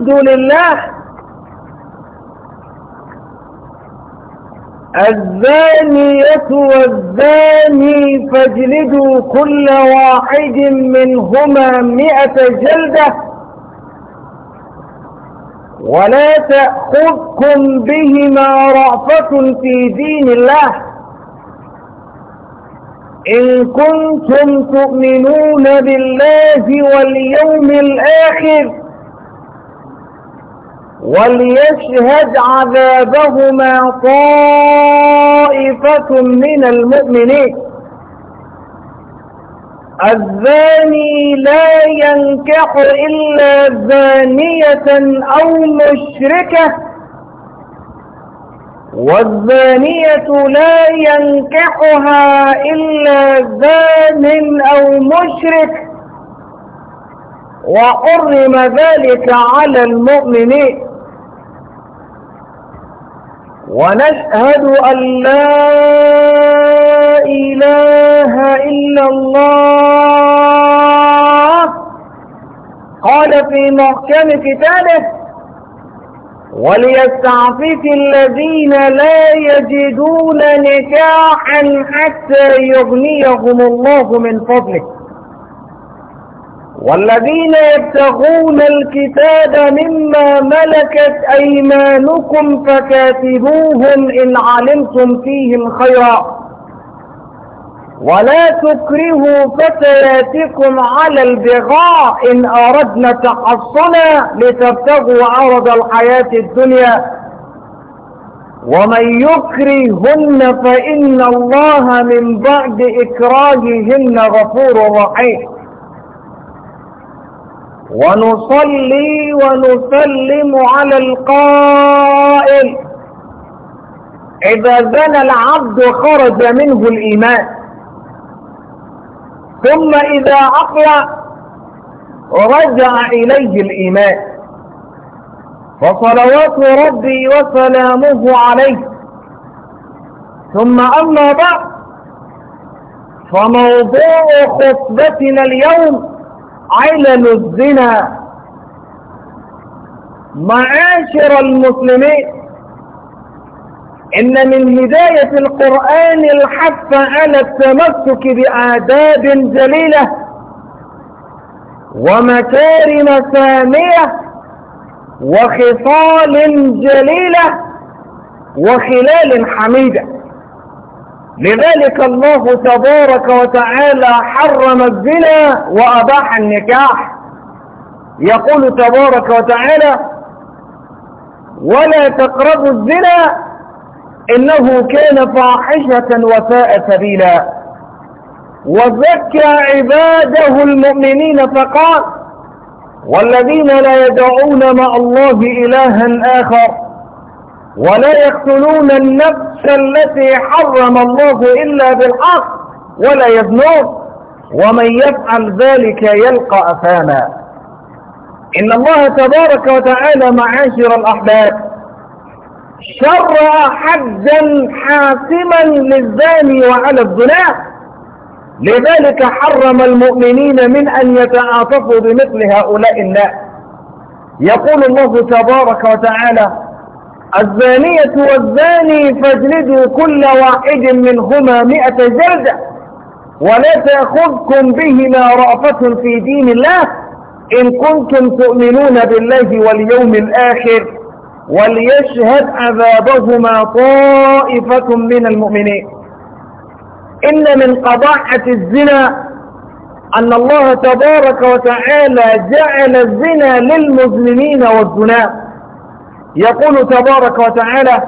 الحمد لله الزانية والزاني فاجلدوا كل واحد منهما مئة جلدة ولا تأخذكم بهما رأفة في دين الله إن كنتم تؤمنون بالله واليوم الآخر وليشهد عذابهما طائفة من المؤمنين الزاني لا ينكح إلا زانية أو مشركة والزانية لا ينكحها إلا زان أو مشرك وحرم ذلك على المؤمنين ونشهد أن لا إله إلا الله قال في محكم كتابه وليستعفف الذين لا يجدون نكاحا حتى يغنيهم الله من فضله والذين يبتغون الكتاب مما ملكت أيمانكم فكاتبوهم إن علمتم فيهم خيرا ولا تكرهوا فتياتكم على البغاء إن أردنا تحصنا لتبتغوا عرض الحياة الدنيا ومن يكرهن فإن الله من بعد إكراههن غفور رحيم ونصلي ونسلم على القائل إذا زنى العبد خرج منه الإيمان ثم إذا عقل رجع إليه الإيمان فصلوات ربي وسلامه عليه ثم أما بعد فموضوع خطبتنا اليوم علل الزنا معاشر المسلمين إن من هداية القرآن الحث على التمسك بآداب جليلة ومكارم سامية وخصال جليلة وخلال حميدة لذلك الله تبارك وتعالى حرم الزنا وأباح النكاح يقول تبارك وتعالى ولا تقربوا الزنا إنه كان فاحشة وساء سبيلا وزكى عباده المؤمنين فقال والذين لا يدعون مع الله إلها آخر ولا يقتلون النفس التي حرم الله إلا بالحق ولا يذنون ومن يفعل ذلك يلقى أثاما إن الله تبارك وتعالى معاشر الأحباب شرع حدا حاسما للزاني وعلى الزنا لذلك حرم المؤمنين من أن يتعاطفوا بمثل هؤلاء الناس يقول الله تبارك وتعالى الزانية والزاني فاجلدوا كل واحد منهما مئة جلدة ولا تأخذكم بهما رأفة في دين الله إن كنتم تؤمنون بالله واليوم الآخر وليشهد عذابهما طائفة من المؤمنين إن من قضاعة الزنا أن الله تبارك وتعالى جعل الزنا للمزنمين والزنات يقول تبارك وتعالى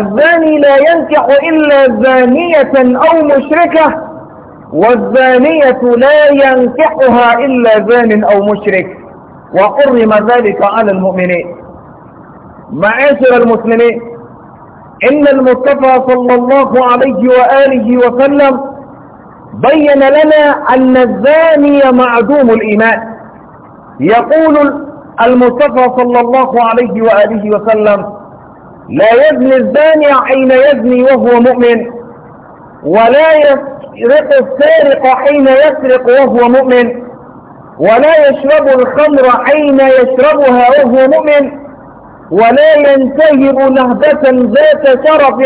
الزاني لا ينكح إلا زانية أو مشركة والزانية لا ينكحها إلا زان أو مشرك وحرم ذلك على المؤمنين معاشر المسلمين إن المصطفى صلى الله عليه وآله وسلم بين لنا أن الزاني معدوم الإيمان يقول المصطفى صلى الله عليه وآله وسلم لا يزني الزاني حين يزني وهو مؤمن ولا يسرق السارق حين يسرق وهو مؤمن ولا يشرب الخمر حين يشربها وهو مؤمن ولا ينتهب نهبة ذات شرف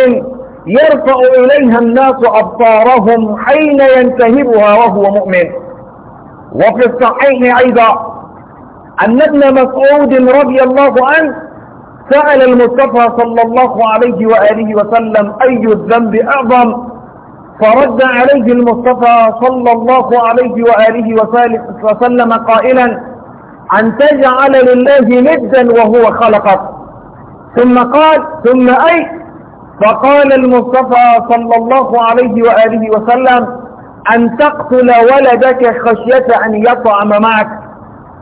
يرفع إليها الناس أبصارهم حين ينتهبها وهو مؤمن وفي الصحيح أيضا أن ابن مسعود رضي الله عنه سأل المصطفى صلى الله عليه وآله وسلم أي الذنب أعظم فرد عليه المصطفى صلى الله عليه وآله وسلم قائلا أن تجعل لله ندا وهو خلقك ثم قال ثم أي فقال المصطفى صلى الله عليه وآله وسلم أن تقتل ولدك خشية أن يطعم معك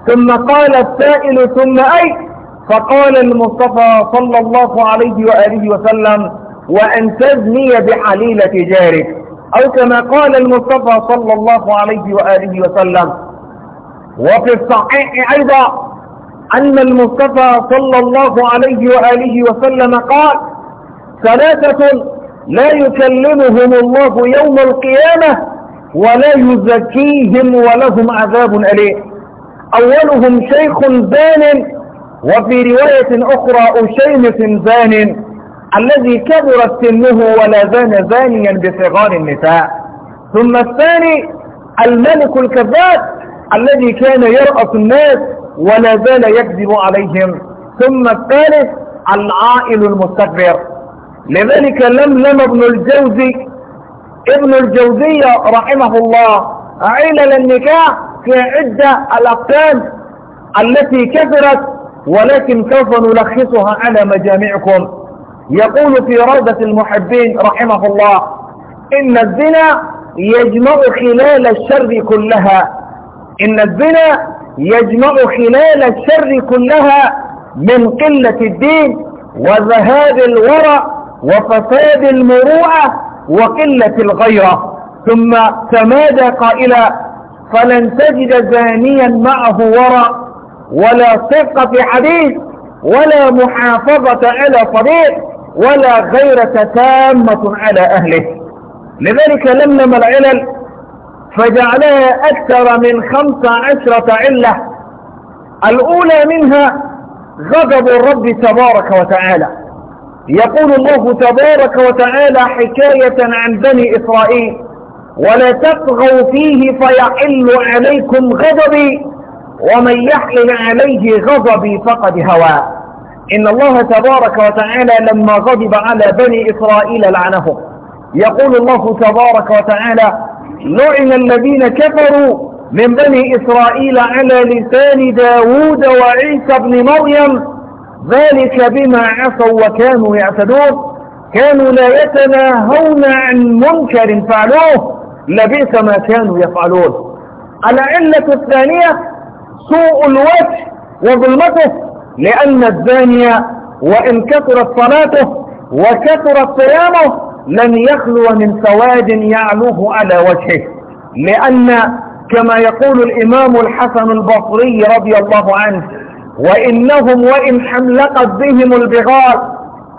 ثم قال السائل ثم أي فقال المصطفى صلى الله عليه وآله وسلم وأن تزني بحليلة جارك أو كما قال المصطفى صلى الله عليه وآله وسلم وفي الصحيح أيضا أن المصطفى صلى الله عليه وآله وسلم قال ثلاثة لا يكلمهم الله يوم القيامة ولا يزكيهم ولهم عذاب أليم أولهم شيخ زان وفي رواية أخرى أشيمة زان الذي كبرت سنه ولا زان زانيا بصغار النساء ثم الثاني الملك الكذاب الذي كان يرأس الناس ولا زال يكذب عليهم ثم الثالث العائل المستكبر لذلك لملم ابن الجوزي ابن الجوزية رحمه الله علل النكاح في عدة الأقسام التي كثرت ولكن سوف نلخصها على مجامعكم يقول في روضة المحبين رحمه الله إن الزنا يجمع خلال الشر كلها إن الزنا يجمع خلال الشر كلها من قلة الدين وذهاب الورع وفساد المروءة وقلة الغيرة ثم تمادى قائلا فلن تجد زانيا معه ورع ولا صدق في حديث ولا محافظة على صديق ولا غيرة تامة على أهله لذلك لمم العلل فجعلها أكثر من خمس عشرة علة الأولى منها غضب الرب تبارك وتعالى يقول الله تبارك وتعالى حكاية عن بني إسرائيل ولا تطغوا فيه فيحل عليكم غضبي ومن يحلل عليه غضبي فقد هوى إن الله تبارك وتعالى لما غضب على بني إسرائيل لعنهم يقول الله تبارك وتعالى لعن الذين كفروا من بني إسرائيل على لسان داود وعيسى بن مريم ذلك بما عصوا وكانوا يعتدون كانوا لا يتناهون عن منكر فعلوه لبئس ما كانوا يفعلون العلة الثانية سوء الوجه وظلمته لأن الزانية وإن كثرت صلاته وكثرت صيامه لن يخلو من سواد يعلوه على وجهه لأن كما يقول الإمام الحسن البصري رضي الله عنه وإنهم وإن حملقت بهم البغار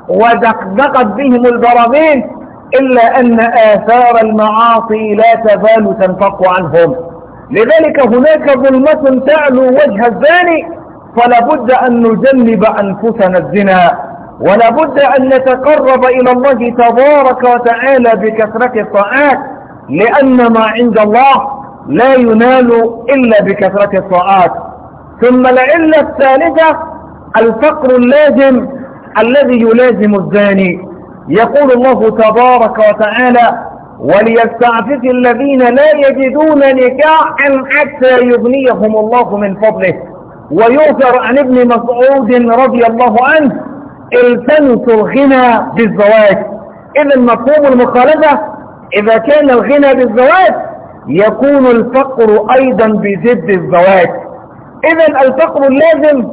ودقدقت بهم البراغين إلا أن آثار المعاصي لا تزال تنفق عنهم لذلك هناك ظلمة تعلو وجه الزاني فلا بد أن نجنب أنفسنا الزنا ولا بد أن نتقرب إلى الله تبارك وتعالى بكثرة الطاعات لأن ما عند الله لا ينال إلا بكثرة الطاعات ثم العلة الثالثة الفقر اللازم الذي يلازم الزاني يقول الله تبارك وتعالى وليستعفف الذين لا يجدون نكاحا حتى يغنيهم الله من فضله ويؤثر عن ابن مسعود رضي الله عنه التمسوا الغنى بالزواج إذا مفهوم المخالفة إذا كان الغنى بالزواج يكون الفقر أيضا بجد الزواج إذا الفقر اللازم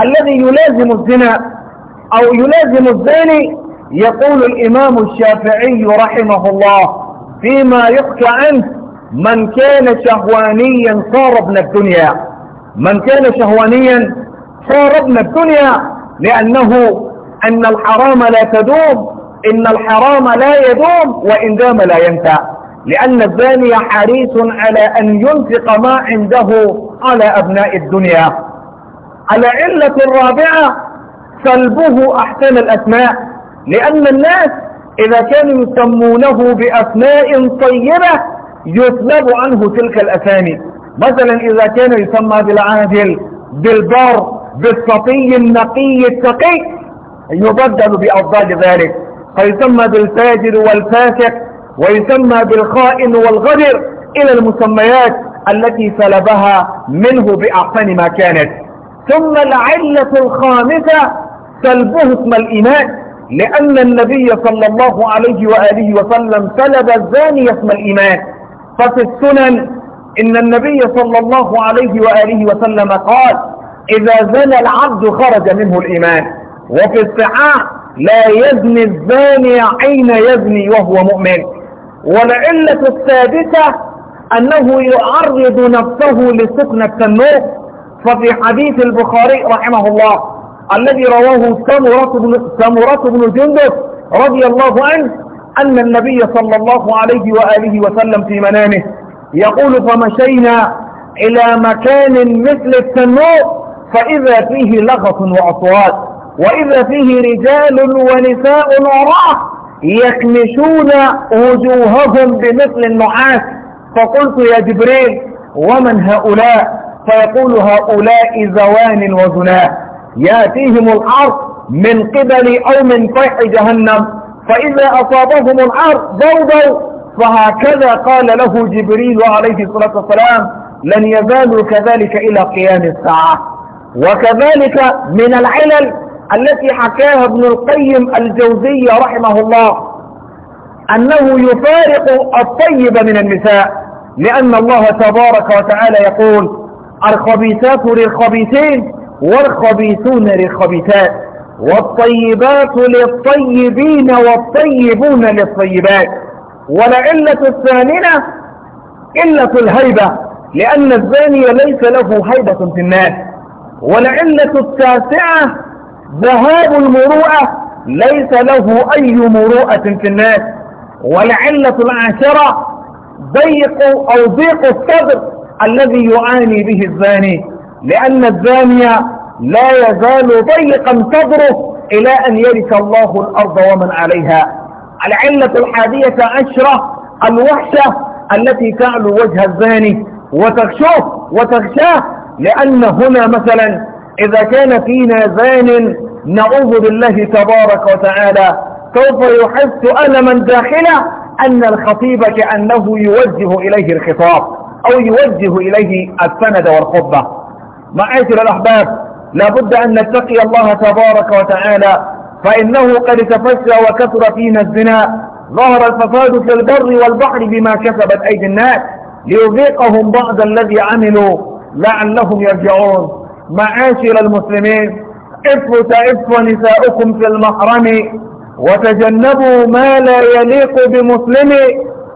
الذي يلازم الزنا أو يلازم الزاني يقول الإمام الشافعي رحمه الله فيما يحكى عنه من كان شهوانيا صار ابن الدنيا من كان شهوانيا صار ابن الدنيا لأنه أن الحرام لا تدوم إن الحرام لا يدوم وإن دام لا ينفع لأن الزاني حريص على أن ينفق ما عنده على أبناء الدنيا على علة الرابعة سلبه أحسن الأسماء لأن الناس إذا كانوا يسمونه بأسماء طيبة يسلب عنه تلك الأسامي مثلا إذا كان يسمى بالعادل بالبر بالصفي النقي التقي يبدل بأضداد ذلك فيسمى بالفاجر والفاسق ويسمى بالخائن والغدر إلى المسميات التي سلبها منه بأحسن ما كانت ثم العلة الخامسة سلبه اسم الإيمان لأن النبي صلى الله عليه وآله وسلم سلب الزاني اسم الإيمان ففي السنن إن النبي صلى الله عليه وآله وسلم قال إذا زنى العبد خرج منه الإيمان وفي الصحاح لا يزني الزاني حين يزني وهو مؤمن والعلة الثابتة أنه يعرض نفسه لسكن النور ففي حديث البخاري رحمه الله الذي رواه سمرة بن, سمرة بن جندب رضي الله عنه أن النبي صلى الله عليه وآله وسلم في منامه يقول فمشينا إلى مكان مثل التنور فإذا فيه لغط وأصوات وإذا فيه رجال ونساء وراء يكنشون وجوههم بمثل النعاس فقلت يا جبريل ومن هؤلاء فيقول هؤلاء زوان وزناه يأتيهم الارض من قبل أو من طيح جهنم فإذا أصابهم الارض ضوضوا فهكذا قال له جبريل عليه الصلاة والسلام لن يزالوا كذلك إلى قيام الساعة وكذلك من العلل التي حكاها ابن القيم الجوزي رحمه الله أنه يفارق الطيب من النساء لأن الله تبارك وتعالى يقول الخبيثات للخبيثين والخبيثون للخبيثات والطيبات للطيبين والطيبون للطيبات ولعلة الثامنة علة الهيبة لأن الزاني ليس له هيبة في الناس ولعلة التاسعة ذهاب المروءة ليس له أي مروءة في الناس ولعلة العاشرة ضيق أو ضيق الصدر الذي يعاني به الزاني لأن الزانية لا يزال ضيقا صدره إلى أن يرث الله الأرض ومن عليها العلة الحادية عشرة الوحشة التي تعلو وجه الزاني وتغشوه وتغشاه لأن هنا مثلا إذا كان فينا زان نعوذ بالله تبارك وتعالى سوف يحس ألما داخله أن الخطيب كأنه يوجه إليه الخطاب أو يوجه إليه السند والخطبة معاشر الأحباب لابد أن نتقي الله تبارك وتعالى فإنه قد تفشى وكثر فينا الزنا ظهر الفساد في البر والبحر بما كسبت أيدي الناس ليذيقهم بعض الذي عملوا لعلهم يرجعون معاشر المسلمين افوا تأفوا نساؤكم في المحرم وتجنبوا ما لا يليق بمسلم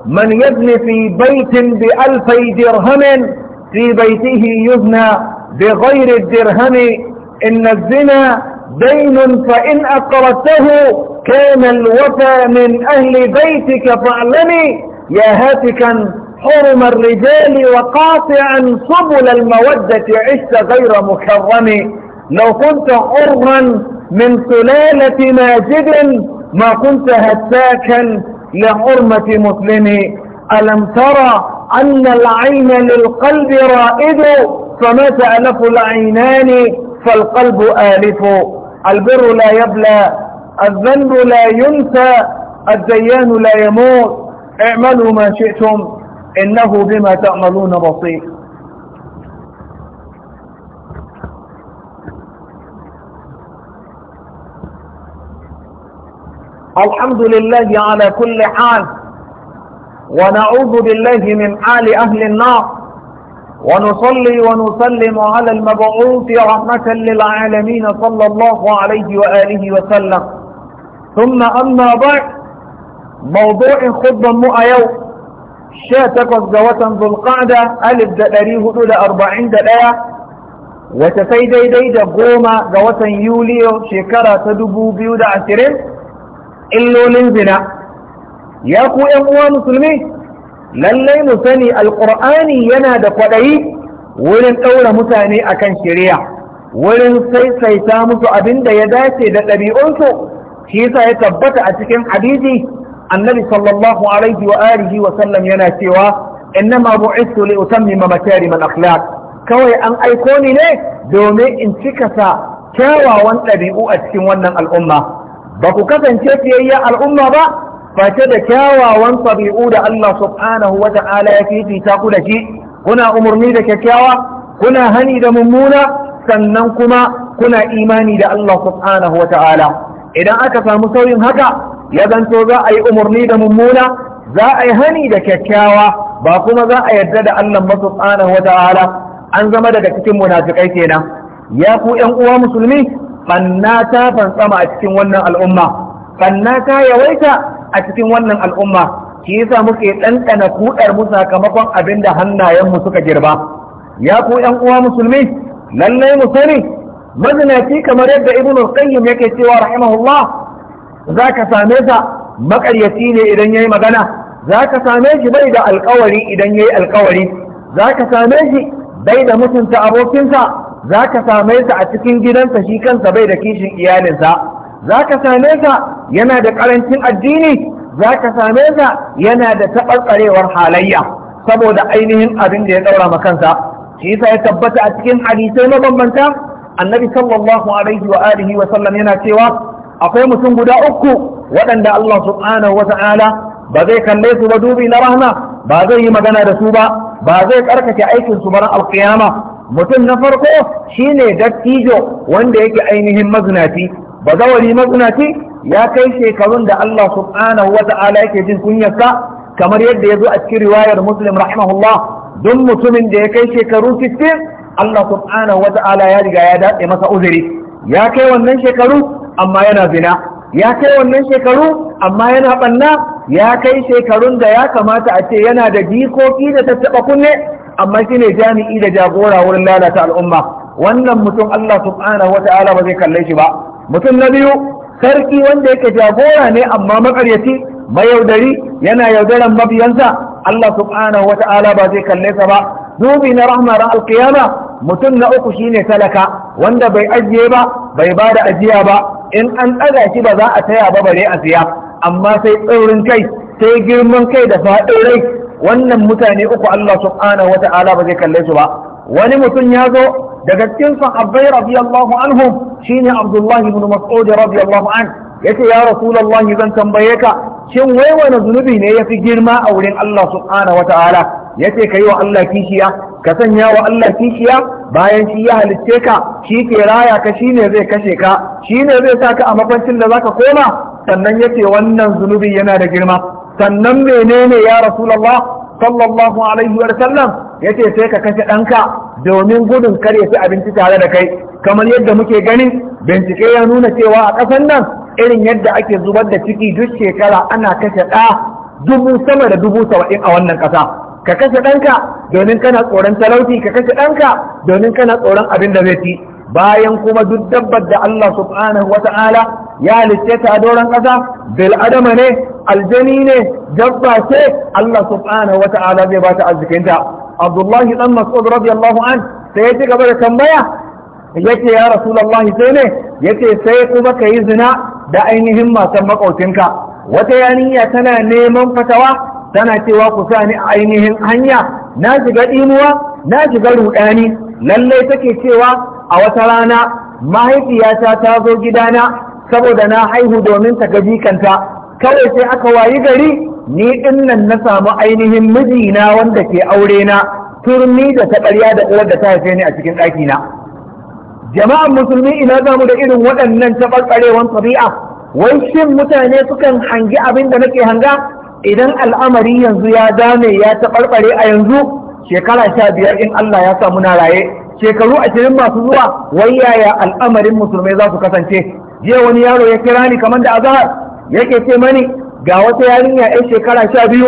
من يبني في بيت بألفي درهم في بيته يبنى بغير الدرهم إن الزنا دين فإن أقرته كان الوفى من أهل بيتك فاعلمي يا هاتكا حرم الرجال وقاطعا سبل المودة عشت غير مكرم لو كنت حرا من سلالة ماجد ما كنت هتاكا لحرمة مسلم ألم ترى أن العين للقلب رائد فما تألف العينان فالقلب آلف البر لا يبلى الذنب لا ينسى الديان لا يموت اعملوا ما شئتم إنه بما تعملون بصير الحمد لله على كل حال ونعوذ بالله من حال أهل النار ونصلي ونسلم على المبعوث رحمة للعالمين صلى الله عليه وآله وسلم ثم أما بعد موضوع خطبة مؤيو يوم شاتك الزوة ذو القعدة ألف دقريه دول أربعين دقاء وتفي دي دي زوة يوليو شكرة تدبو بيود عشرين إلو لنزنا يا أخو يا أخوة مسلمين lallai mu sani alqur'ani yana da kwaɗayi wurin ɗaura mutane akan shari'a wurin saisaita musu abin da ya dace da ɗabi'unsu shi yasa ya tabbata a cikin hadisi annabi sallallahu alaihi wa alihi wa sallam yana cewa ma bu'istu li utammima makarim akhlaq kawai an aiko ni ne domin in cika sa kyawawan ɗabi'u a cikin wannan al'umma ba ku kasance fiyayya al'umma ba face da kyawawan tabi'u da Allah subhanahu wa ta'ala ya fifita ku da shi kuna umarni da kyakkyawa kuna hani da mummuna sannan kuma kuna imani da Allah subhanahu wa ta'ala idan aka samu sauyin haka ya zanto za a yi umarni da mummuna za a yi hani da kyakkyawa ba kuma za a yarda da Allah ba subhanahu wa ta'ala an zama daga cikin munafikai kenan ya ku ƴan uwa musulmi banna ta fantsama a cikin wannan al'umma banna ta yawaita a cikin wannan al'umma shi yasa muke ɗanɗana kuɗar mu sakamakon abin da hannayenmu suka girba ya ku ƴan uwa musulmi lallai mu sani mazinaci kamar yadda ibn al-qayyim yake cewa rahimahullah zaka same sa maƙaryaci ne idan yayi magana zaka same shi bai da alƙawari idan yayi alƙawari zaka same shi bai da mutunta abokinsa zaka same sa a cikin gidansa shi kansa bai da kishin iyalinsa za ka same sa yana da ƙarancin addini za ka same sa yana da taɓarɓarewar halayya saboda ainihin abin da ya ɗaura ma kansa shi yasa ya tabbata a cikin hadisai mabambanta annabi sallallahu alaihi wa alihi wa sallam yana cewa akwai mutum guda uku waɗanda Allah subhanahu wa ta'ala ba zai kalle su ba dubi na rahma ba zai yi magana da su ba ba zai karkace aikin su bar alƙiyama mutum na farko shine dattijo wanda yake ainihin mazinaci bazawari matsinaci ya kai shekarun da Allah subhanahu wata'ala yake jin kunyarsa kamar yadda ya zo a cikin riwayar muslim rahimahullah don mutumin da ya kai shekaru 60 Allah subhanahu wata'ala ya riga ya daɗe masa uzuri ya kai wannan shekaru amma yana zina ya kai wannan shekaru amma yana banna ya kai shekarun da ya kamata a ce yana da jikoki da tattaɓa kunne amma shine jami'i da jagora wurin lalata al'umma wannan mutum Allah subhanahu wata'ala ba zai kalle shi ba mutum na biyu sarki wanda yake jagora ne amma makaryaci mayaudari yana yaudaran mabiyansa Allah subhanahu wa ta'ala ba zai kalle sa ba dubi na rahma ran alkiyama mutum na uku shine talaka wanda bai ajiye ba bai ba da ajiya ba in an ɗaga shi ba za a taya ba bare a siya amma sai tsaurin kai sai girman kai da faɗin rai wannan mutane uku Allah subhanahu wa ta'ala ba zai kalle su ba wani mutum ya zo daga cikin sahabbai radiyallahu anhu shine Abdullahi ibn Mas'ud radiyallahu an yace ya Rasulullah zan tambaye ka shin wai wani zunubi ne yafi girma a wurin Allah subhanahu wataala yace kai wa Allah kishiya ka sanya wa Allah kishiya bayan shi ya halicce ka shi ke raya ka shine zai kashe ka shine zai sa ka a mafancin da zaka koma sannan yace wannan zunubi yana da girma sannan menene ya Rasulullah sallallahu alaihi wa sallam Ya ce sai ka kashe ɗanka domin gudun kar ya ci abinci tare da kai kamar yadda muke ganin bincike ya nuna cewa a ƙasar nan irin yadda ake zubar da ciki duk shekara ana kashe ɗa dubu sama da dubu saba'in a wannan ƙasa ka kashe ɗanka domin kana tsoron talauci ka kashe ɗanka domin kana tsoron abin da zai ci bayan kuma duk dabbar da Allah subhanahu wa ta'ala ya halitta ta doron ƙasa bil adama ne aljani ne dabba ce Allah subhanahu wa ta'ala zai ba ta arzikinta abdullahi dan mas'ud radiyallahu an sai ya ci gaba da tambaya yake ya rasulullahi sai ne yake sai kuma ka yi zina da ainihin matan makaucinka wata yaninya tana neman fatawa tana cewa ku sa ni a ainihin hanya na shiga dimuwa na shiga rudani lalle take cewa a wata rana mahaifiyata ta zo gidana saboda na haihu domin ta ga jikanta. kawai sai aka wayi gari ni din nan na samu ainihin mijina wanda ke aure na turmi da ta ƙarya da ƙurar da ta haife ni a cikin ɗaki na jama'an musulmi ina za mu da irin waɗannan taɓarɓarewan tabi'a wai shin mutane sukan hangi abin da nake hanga idan al'amari yanzu ya dame ya taɓarɓare a yanzu shekara sha biyar in Allah ya samu na raye shekaru ashirin masu zuwa wai yaya al'amarin musulmai za su kasance jiya wani yaro ya kira ni kamar da azahar yake ce mani ga wata yarinya yan shekara sha biyu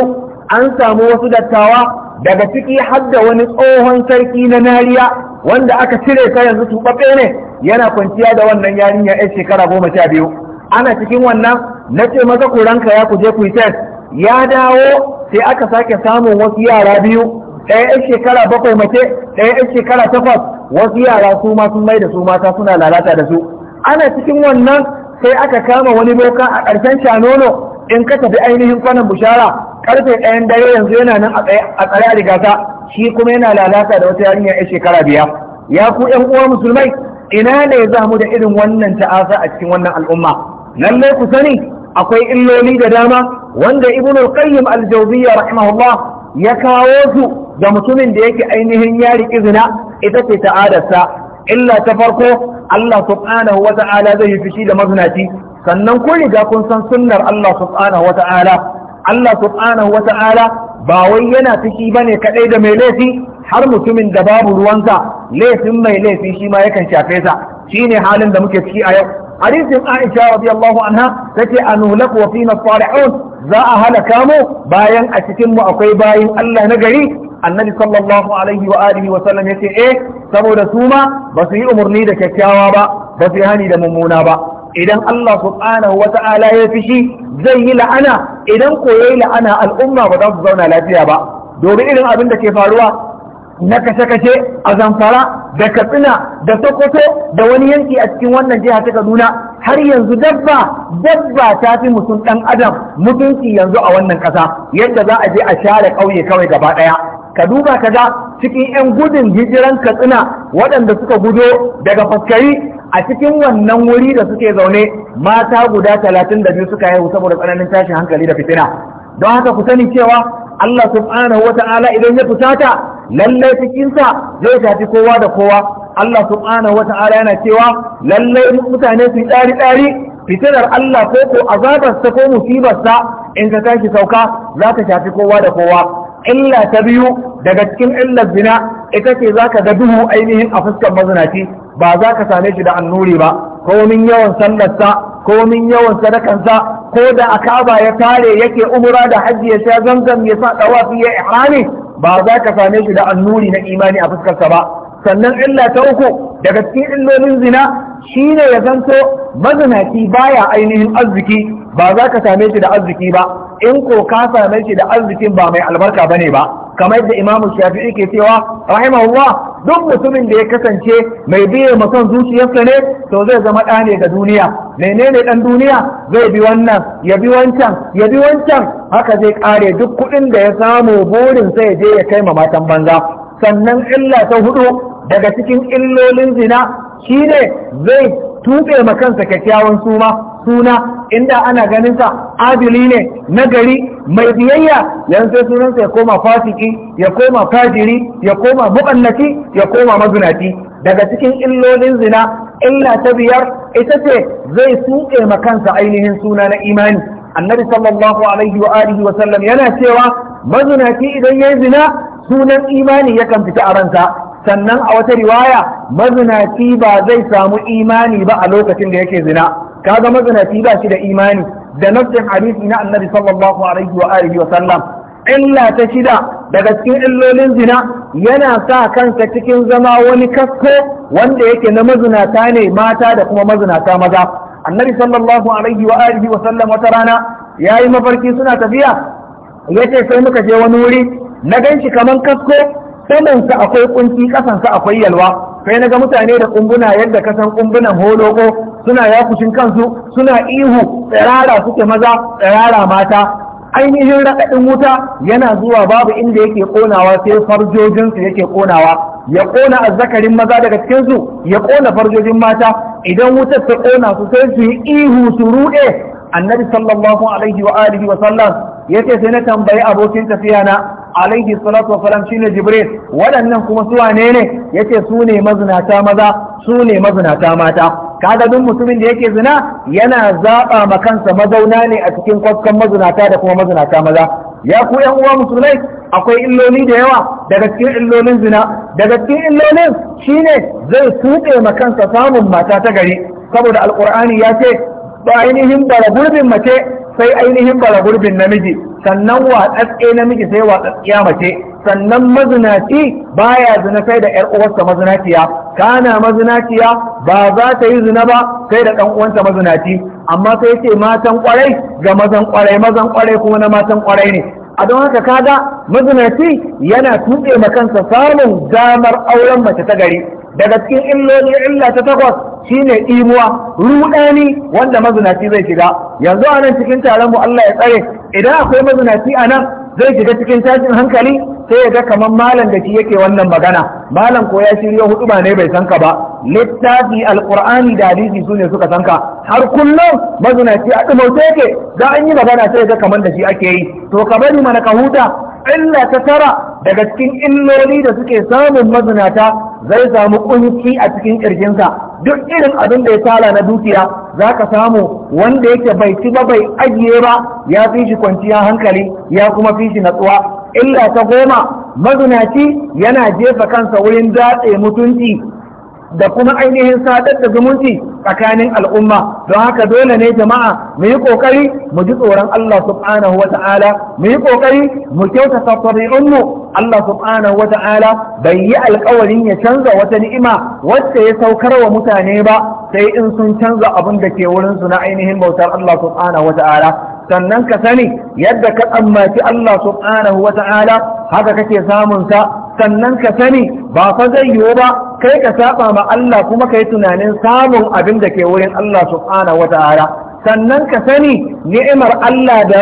an samu wasu dattawa daga ciki har da wani tsohon sarki na nariya wanda aka cire ta yanzu tubaɓe ne yana kwanciya da wannan yarinya yan shekara goma sha biyu ana cikin wannan na ce maza ku ranka ya ku je ku yi ya dawo sai aka sake samun wasu yara biyu ɗaya yan shekara bakwai mace ɗaya yan shekara takwas wasu yara su ma sun mai da su mata suna lalata da su ana cikin wannan sai aka kama wani boka a ƙarshen nono in ka tafi ainihin kwanan bushara karfe ɗayan dare yanzu yana nan a tsare a rigata shi kuma yana lalata da wata yarinya ya shekara biya ya ku ƴan uwa musulmai ina ne za mu da irin wannan ta'asa a cikin wannan al'umma lallai ku sani akwai illoli da dama wanda ibnu al-qayyim al-jawziyya rahimahullah ya kawo su da mutumin da yake ainihin ya riƙi zina ita ce ta'adarsa illa ta farko Allah subhanahu wa ta'ala zai yi fushi da mazinaci sannan kun riga kun san sunnar Allah subhanahu wa ta'ala Allah subhanahu wa ta'ala ba wai yana fushi bane kadai da mai laifi har mutumin da babu ruwansa laifin mai laifi shi ma yakan shafe sa shine halin da muke ciki a yau hadisin Aisha radiyallahu anha tace anulaku wa fina salihun za a halaka mu bayan a cikin mu akwai bayin Allah na gari annabi sallallahu alaihi wa alihi wa sallam yace eh saboda su ma ba su yi umarni da kyakkyawa ba ba su yi hani da mummuna ba idan Allah subhanahu wa ta'ala ya fishi zai yi la'ana idan ko yayi la'ana al'umma ba za su zauna lafiya ba domin irin abin da ke faruwa na kashe-kashe a zamfara da katsina da sokoto da wani yanki a cikin wannan jiha ta kaduna har yanzu dabba dabba ta fi mutum dan adam mutunci yanzu a wannan ƙasa. yadda za a je a share ƙauye kawai gaba ɗaya ka duba ka ga cikin 'yan gudun hijiran katsina waɗanda suka gudo daga faskari a cikin wannan wuri da suke zaune mata guda talatin da biyu suka haihu saboda tsananin tashin hankali da fitina don haka ku sani cewa Allah subhanahu wa ta'ala idan ya fusata lallai cikinsa zai shafi kowa da kowa Allah subhanahu wa ta'ala yana cewa lallai mutane su yi tsari fitilar fitinar Allah ko ko azabarsa ko musibarsa in ka tashi sauka za ta shafi kowa da kowa illa ta biyu daga cikin illar zina ita ce za ka ga duhu ainihin a fuskar mazinaci ba za ka same shi da annuri ba komin yawan sallarsa komin yawan sadakansa ko da akaba ya tare yake umura da hajji ya sha zanzam ya sa dawafi ya ihrami ba za ka same shi da annuri na imani a fuskarsa ba sannan illa ta uku daga cikin illolin zina shine ya zanto mazinaci baya ainihin arziki ba za ka same shi da arziki ba in ko ka same shi da arzikin ba mai albarka bane ba kamar yadda Imam Shafi'i ke cewa rahimahullah duk mutumin da ya kasance mai biye masan zuciyarsa ne to zai zama ɗa ne ga duniya menene ɗan duniya zai bi wannan ya bi wancan ya bi wancan haka zai ƙare duk kuɗin da ya samu burin sai je ya kai ma matan banza sannan illa ta hudu daga cikin illolin zina shine zai tuɓe ma kansa kyakkyawan suma suna inda ana ganin sa adili ne nagari mai biyayya yanzu sai sunansa ya koma fasiki ya koma fajiri ya koma muƙannaci ya koma mazunaci daga cikin illolin zina illa ta biyar ita ce zai ma makansa ainihin suna na imani annabi sallallahu alaihi wa alihi wa sallam yana cewa mazunaci idan yayi zina sunan imani yakan fita a ransa sannan a wata riwaya mazinaci ba zai samu imani ba a lokacin da yake zina kaga mazinaci ba shi da imani da nafsin hadisi na annabi sallallahu alaihi wa alihi wa sallam illa ta shida daga cikin illolin zina yana sa kansa cikin zama wani kasko wanda yake na mazinata ne mata da kuma mazinata maza annabi sallallahu alaihi wa alihi wa sallam wata rana yayi mafarki suna tafiya yace sai muka je wani wuri na ganshi kaman kasko samansa akwai kunci ƙasansa akwai yalwa kai ga mutane da kumbuna yadda kasan kumbunan holoko suna yakushin kansu suna ihu tsirara suke maza tsirara mata ainihin raɗaɗin wuta yana zuwa babu inda yake ƙonawa sai farjojinsu yake ƙonawa. ya ƙona azzakarin maza daga cikinsu ya ƙona farjojin mata idan wutar ta ƙona su sai su yi ihu su ruɗe annabi sallallahu alaihi wa alihi wa sallam yace sai na tambayi abokin tafiya na alaihi salatu wa salam shine jibril waɗannan kuma su wane ne yace su ne mazinata maza su ne mazinata mata kaga duk mutumin da yake zina yana zaba ma kansa mazauna ne a cikin kwakkan mazinata da kuma mazinata maza ya ku yan uwa musulmai akwai illoli da yawa daga cikin illolin zina daga cikin illolin shine zai tuɗe ma kansa samun mata ta gari saboda alqur'ani ya ce ba ainihin da gurbin mace sai ainihin bara gurbin namiji sannan watsatse namiji sai watsatsiya mace sannan mazinaci baya zina sai da yar uwarsa mazinaciya kana mazinaciya ba za ta yi zina ba sai da dan uwanta mazinaci amma sai ce matan kwarai ga mazan kwarai mazan kwarai kuma na matan kwarai ne a don haka kaga mazinaci yana tuɗe ma kansa samun damar auren mace ta gari daga cikin illoli illa ta takwas shine imuwa rudani wanda mazinaci zai shiga yanzu a nan cikin taron mu Allah ya tsare idan akwai mazinaci a nan zai shiga cikin tashin hankali sai ya ga kamar malam da shi yake wannan magana malam ko ya shirya hudu ba ne bai san ka ba littafi alqur'ani da hadisi su ne suka san ka har kullum mazinaci a dumauce yake za an yi magana sai ya ga kamar da shi ake yi to ka bari mana ka huta illa ta tara daga cikin illoli da suke samun mazinata zai samu kunci a cikin kirjinsa duk irin abin da ya tara na dukiya za ka samu wanda yake bai ci ba bai ajiye ba ya fi shi kwanciya hankali ya kuma fi shi natsuwa illa ta goma mazinaci yana jefa kansa wurin datse mutunci da kuma ainihin sadar da zumunci tsakanin al'umma don haka dole ne jama'a mu yi kokari mu ji tsoron Allah subhanahu wa ta'ala mu yi kokari mu kyautata mu Allah subhanahu wa ta'ala bai yi alkawarin ya canza wata ni'ima wacce ya saukar wa mutane ba sai in sun canza abin da ke wurin su na ainihin bautar Allah subhanahu wa ta'ala sannan ka sani yadda ka tsammaci Allah subhanahu wa ta'ala haka kake samun sa sannan ka sani ba fa zai yiwu ba kai ka saba ma Allah kuma ka yi tunanin samun abin da ke wurin Allah subhanahu wa sannan ka sani ni'imar Allah da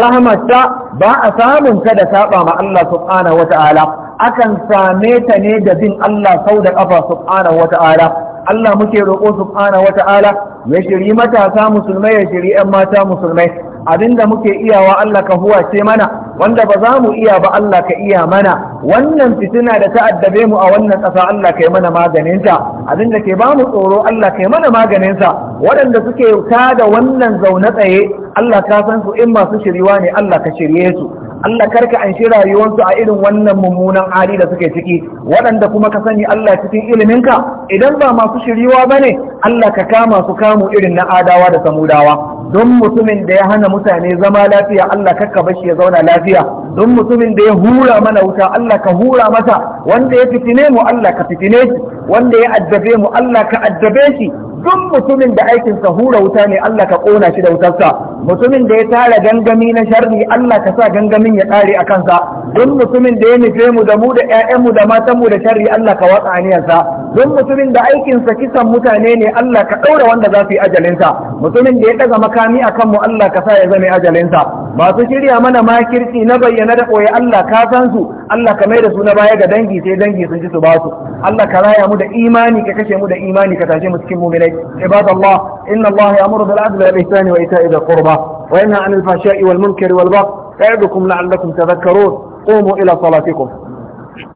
ta, ba a samun ta da saba ma Allah subhanahu akan same ta ne da bin Allah sau da kafa subhanahu wa Allah muke roƙo subhanahu wa ya shiri matasa musulmai ya shiri 'yan mata musulmai abinda muke iyawa Allah ka huwace mana wanda ba za mu iya ba Allah ka iya mana wannan fitina da ta addabe mu a wannan ƙasa Allah ka yi mana maganinta abin da ke ba mu tsoro Allah kai mana maganinsa waɗanda suke da wannan zaune tsaye Allah ka san su in masu shiriwa ne Allah ka shirye su Allah karka an shi rayuwarsu a irin wannan mummunan hali da suke ciki waɗanda kuma ka sani Allah cikin iliminka idan ba masu shiriwa ba ne Allah ka kama su kamu irin na adawa da samudawa don mutumin da ya hana mutane zama lafiya Allah kakka bashi ya zauna lafiya don mutumin da ya hura mana wuta Allah ka hura masa wanda ya fitine mu Allah ka fitine shi wanda ya addabe mu Allah ka addabe shi duk mutumin da aikinsa hura wuta ne Allah ka kona shi da sa. mutumin da ya tara gangami na sharri Allah ka sa gangamin ya tsare a kansa duk mutumin da ya nufe mu da mu da mu da matanmu da sharri Allah ka watsa sa. duk mutumin da aikinsa kisan mutane ne Allah ka ɗaura wanda za su yi ajalinsa mutumin da ya ɗaga makami a kanmu Allah ka sa ya zame ajalinsa masu shirya mana makirci na bayyana da ɓoye Allah ka san su Allah ka mai da su na baya ga dangi sai dangi sun ji su ba su Allah ka raya mu da imani ka kashe mu da imani ka tashe mu cikin mu'minai عباد الله إن الله يأمر بالعدل والإحسان وإيتاء ذي القربى وينهى عن الفحشاء والمنكر والبغي يعظكم لعلكم تذكرون قوموا إلى صلاتكم